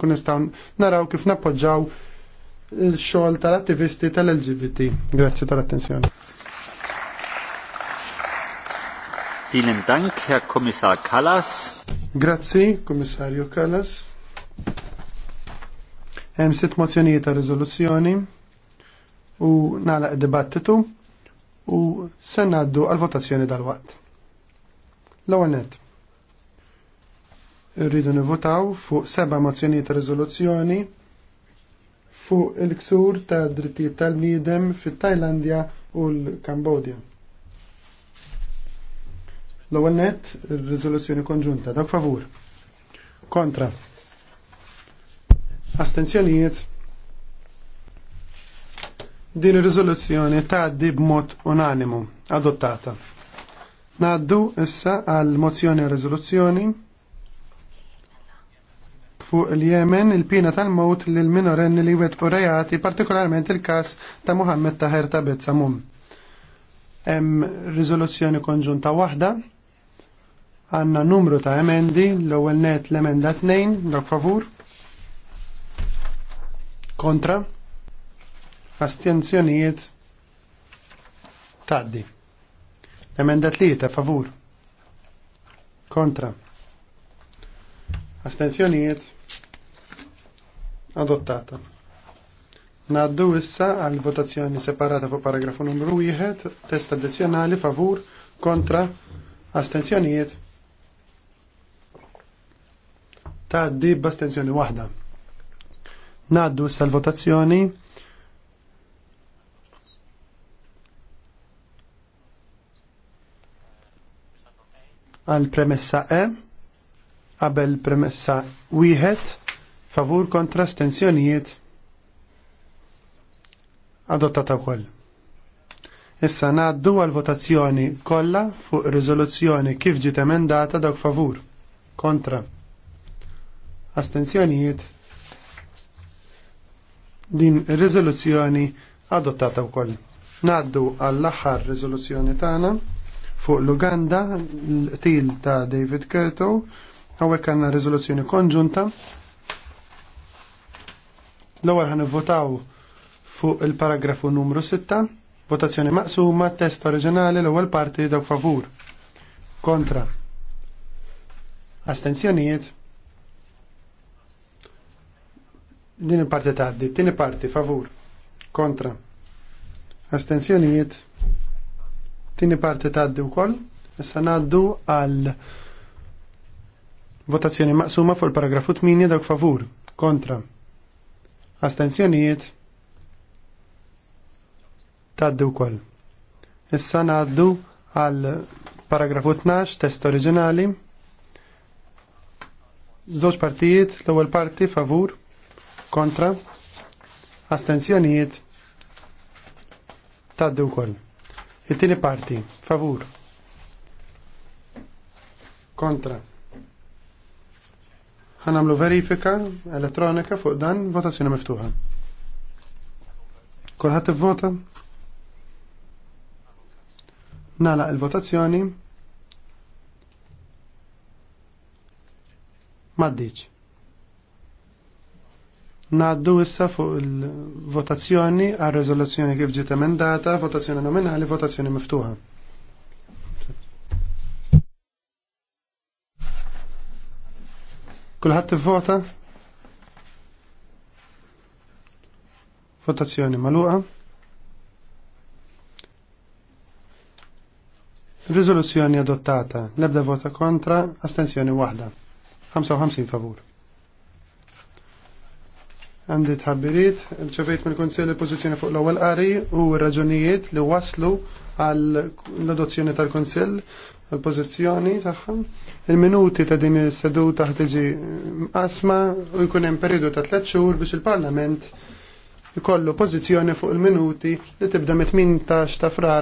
kun nistgħu naraw kif nappoġġaw il-xogħol tal-attivisti tal-LGBT. Grazzi tal-attenzjoni. Vielen Dank, Herr Kommissar Kallas. Grazzi, Kommissarju Kallas. Hemm sitt mozzjonijiet ta' riżoluzzjoni u nagħlaq dibattitu u se ngħaddu għal votazzjoni dal-waqt. L-ewwel rridu nivvotaw fuq seba mozzjonijiet ta' riżoluzzjoni fuq il-ksur ta' drittijiet tal-bniedem fit-Tajlandja u l-Kambodja. L-ewwel nett ir-riżoluzzjoni konġunta dak favur. Kontra. Astenzjonijiet. Din ir-riżoluzzjoni tgħaddi b'mod unanimu adottata. Naddu issa għal mozzjoni e riżoluzzjoni fuq il-Jemen il-pina tal-mot lil minorenni li wet rejati partikolarment il-kas ta' Muhammed Taher ta' Betsamum. Hemm riżoluzzjoni konġunta waħda għanna numru ta' emendi l-ewwel net l-emenda 2 dak favur kontra astenzjonijiet taddi. L-emenda 3 favur kontra Astenzjonijiet adottata. Naddu issa għal votazzjoni separata fuq paragrafu numru 1, test addizzjonali favur, kontra, astenzjonijiet. Ta' di b'astenzjoni waħda. Naddu issa l-votazzjoni għal premessa E, qabel premessa wieħed favur kontra stenzjonijiet adottata wkoll. Issa ngħaddu għal votazzjoni kollha fuq riżoluzzjoni kif ġiet emendata dawk favur kontra astenzjonijiet din riżoluzzjoni adottata wkoll. Ngħaddu għall-aħħar riżoluzzjoni tagħna fuq l-Uganda l-til ta' David Kerto, għawek għanna riżoluzzjoni konġunta L-ewwel ħan votaw fuq il-paragrafu numru 6, votazzjoni maqsuma test oriġinali l-ewwel parti dawk favur. Kontra. Astenzjonijiet. Din il-parti tgħaddi, tieni parti favur. Kontra. Astenzjonijiet. Tieni parti tgħaddi wkoll. Issa ngħaddu għal votazzjoni maqsuma fuq il-paragrafu 8 dawk favur. Kontra astenzjonijiet taddu wkoll. Issa ngħaddu għal paragrafu 12 test oriġinali. Żewġ partijiet, l-ewwel parti favur, kontra, astenzjonijiet taddu wkoll. It-tieni parti favur, kontra, ħanamlu verifika elettronika fuq dan votazzjoni miftuħa. Kulħadd ivvota? Nalaq il-votazzjoni. Maddiċ. Naddu issa fuq il-votazzjoni għal rezoluzzjoni kif ġiet emendata, votazzjoni nominali, votazzjoni miftuħa. Kulħadd ivvota? Votazzjoni magħluqa. Rizoluzzjoni adottata. L-ebda vota kontra, astensjoni waħda. 55 favur għandi tħabbiriet, ċevejt mill konsil il-pozizjoni fuq l-ewwel qari u r-raġunijiet li waslu għal l-adozzjoni tal-Konsill l-pożizzjoni tagħhom. Il-minuti ta' din is-seduta ħtiġi asma u jkun hemm periodu ta' tliet xhur biex il-Parlament ikollu pożizzjoni fuq il-minuti li tibda mit-18 ta' frar